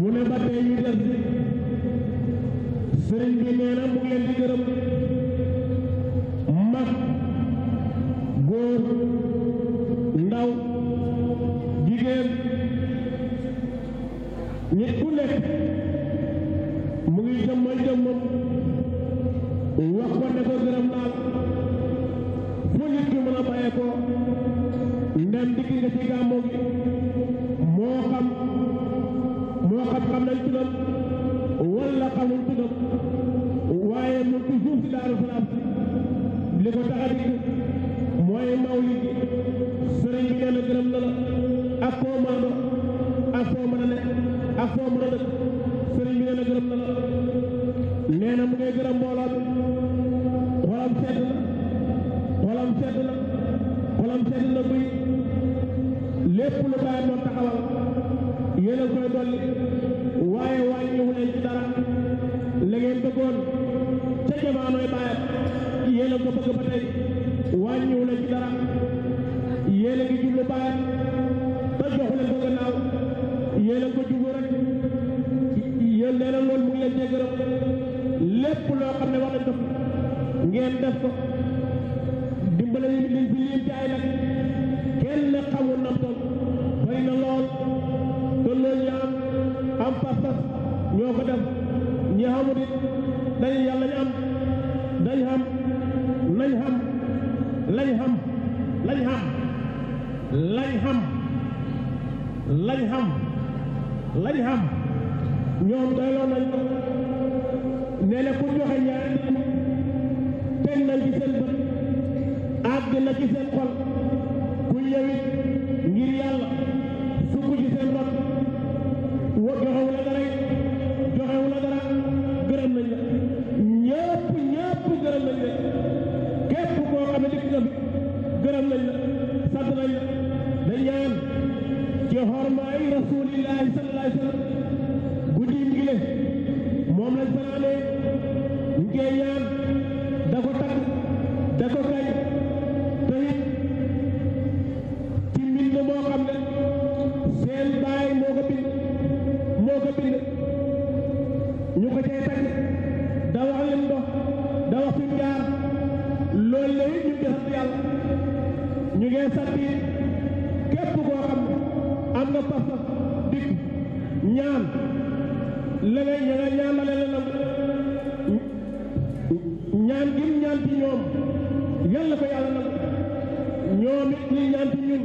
mu ne ba tey ñu des sëriñ bi nee na mu ngi mag góor ndaw jigéen nit ku nekk mu ngi jëmmal wax ko ne ko gërëm naa fu nit ki mën a bàyyee ko ndem dikki nga ci gàmmoo gi li ko tax a dikk mooy mawlid bi sëriñ bi nee na gërëm na la ak foo mën a dox ak foo mën a nekk ak a dëkk bi nee na gërëm na la mu ngay na xolam sedd na xolam sedd na buy lépp lu bàyyi doon taxawal yéen a koy bëgg ba tey wàññiwu la ci dara yéen a ngi jublu baax te joxu leen gannaaw yéen a ko jublu rek yéen nee na loolu mu ngi leen lépp loo xam ne wax nañ ko ngeen def ko dimbale yi liñ fi liim ci ay nag kenn xamul nam na lool te loolu am am ñoo ko ñi xamut it dañu yàlla ñu am dañ xam lañ xam lañ xam lañ xam lañ xam lañ xam lañ xam ñoom doyloo nañ nee na ku joxe ñaari teg nañ ci seen bët àgg na ci seen liggéeyam ñu ko cay takk da wax lim dox da wax ñu ngi yàlla ñu ngi sant it koo xam am nga pas-pas dikk ñaan la ngay ñaan la leen la ñaan gi mu ñaan ci ñoom yal na ko ñoom it liy ñaan ci ñun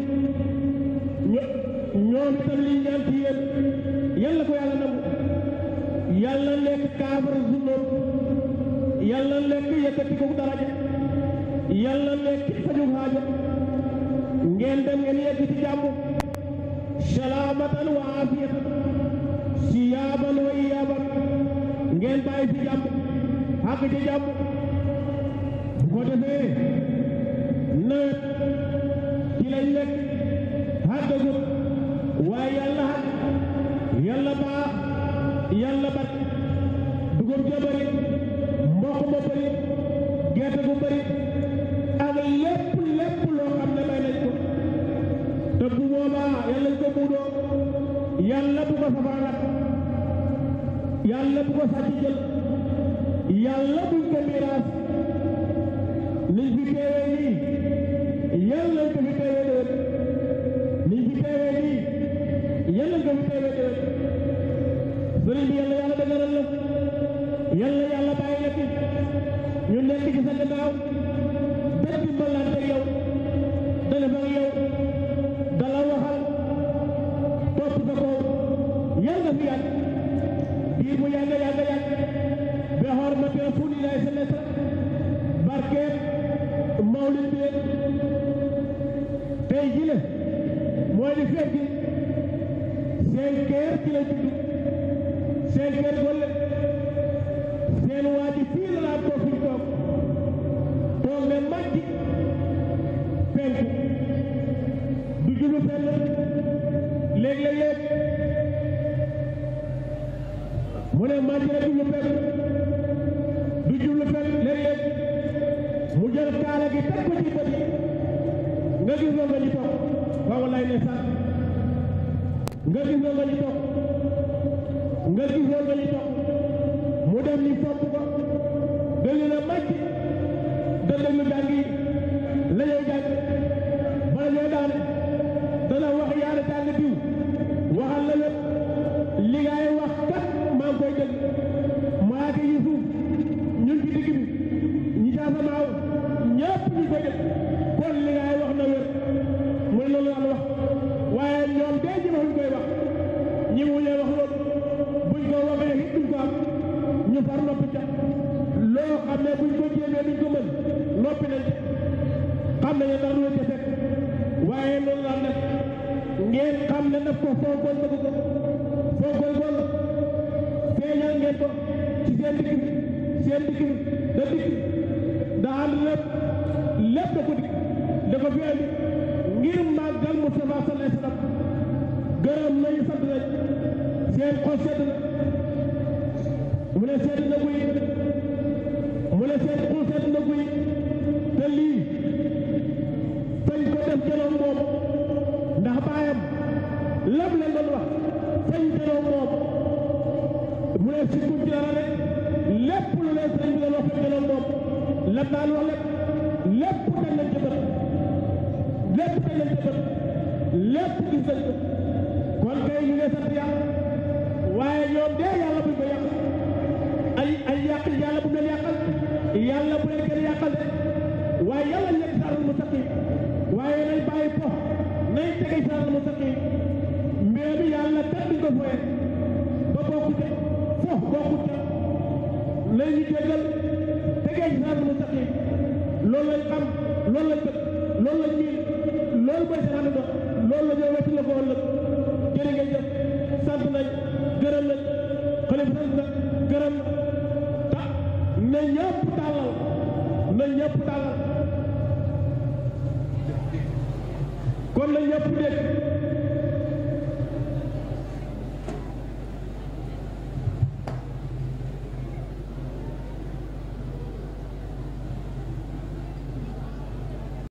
ñoom itam liy ñaan ci yéen yal na ko yàlla nag yàlla nekk kaabara haaja ngeen ngeen yegg ci jàmm salaamatan wa aafiyatan siyaaban wa iyaaban ngeen bàyyi ci jàmm àgg ci jàmm bu ko defee nawet ci lañ nekk xàggagut waaye yàlla xat yàlla baax yàlla bat dugub ja bëri mboq ba bëri gerte gu bëri ak lépp lépp loo xam ne may nañ te bu boobaa yàlla ñu ko buudoo yàlla bu ko safaanat yàlla bu ko sàcc jël yàlla buñ ko miraas liñ fi teewee nii yéen lañ ko fi teewee déwén liñ fi teewee nii yéen lañ ko fi teewee déwén sëriñ bi yàlla yàlla dëgëral la yàlla yàlla bàyyi la fi ñu nekk ci sa gannaaw bépp mbala gi la mooy seen kër ci la judd seen kër wala seen waa ji laa ko fi toog toog ne màcc penku du jublu fenn léeg-léeg mu ne màcc la jublu penku du jublu fenn léeg-léeg mu jël kaala gi teg ko gis nga nga ñu toog nga gis nga nga ñu toog nga gis nga nga ñu mu dem ni fopp ko ngeen def ko foo koy bëgg ko foo koy bëgg feeñal ngeen ko ci seen dikk seen dikk da dikk da am lépp lépp da ko dikk da ko fi andi ngir màggal Mustafa sallallahu alayhi wa sallam gërëm nañu sant nañ seen xol sedd na mu ne sedd daf daan wax lépp lépp dañ leen jëfër lépp dañ leen jëfër lépp gis nañ ko kon kay ñu ngi sant yàlla waaye ñoom dee yàlla buñ ko yàq ay ay yàq yàlla bu leen yàqal yàlla bu leen kenn yàqal de waaye yàlla yëg saaral mustaqim waaye nañ bàyyi po nañ tege saaral mustaqim mbee bi yàlla teg bi ko fooyee ba bokkute fo bokkute nañ ñu déggal fekkee siraatal mustaqiim loolu lañ xam loolu lañ bëgg loolu lañ miin loolu mooy seen ànd dox loolu la ñuy wetu la ko ëllëg jërë ngeen jëf sant nañ gërëm nañ xalifa sant na gërëm ta na ñëpp tàllal na ñëpp tàllal kon na ñëpp dégg